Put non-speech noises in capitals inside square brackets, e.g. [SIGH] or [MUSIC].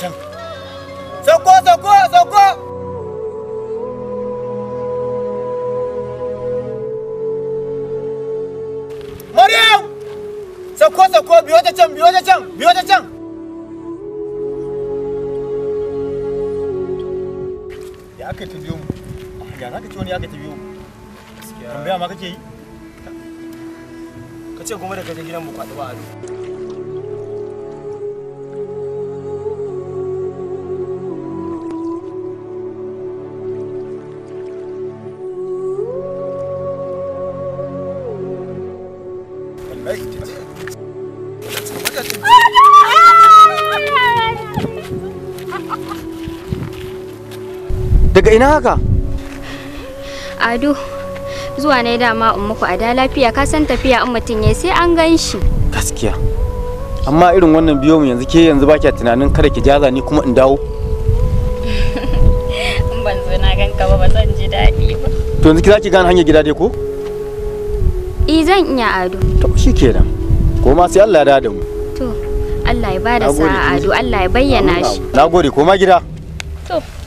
can sauko sauko sauko maryam sauko sauko biyo can biyo ta can biyo ta can ya aka ta biyo mu ya za ka ci wani aka ta biyo mu tambaya ma kake yi ka ce kuma daga gidan mu kwaɗi ba a Daga ina haka? Ado, zuwa na dama in muku a da lafiya ka san tafiya in mutum ya sai an gan shi. Gaskiya. Amma irin wannan biyo mu yanzu ke yanzu ba a tunanin kada ki jaza ni kuma in dawo. [LAUGHS] In ban zo na gan ka ba ba zan ji daɗi ba. To yanzu ki za ki gane hanyar gida dai ko? i eh, zan iya ado. To shikenan koma sai Allah ya da mu to Allah ya bada sa'a Allah ya bayyana shi nagode koma gida to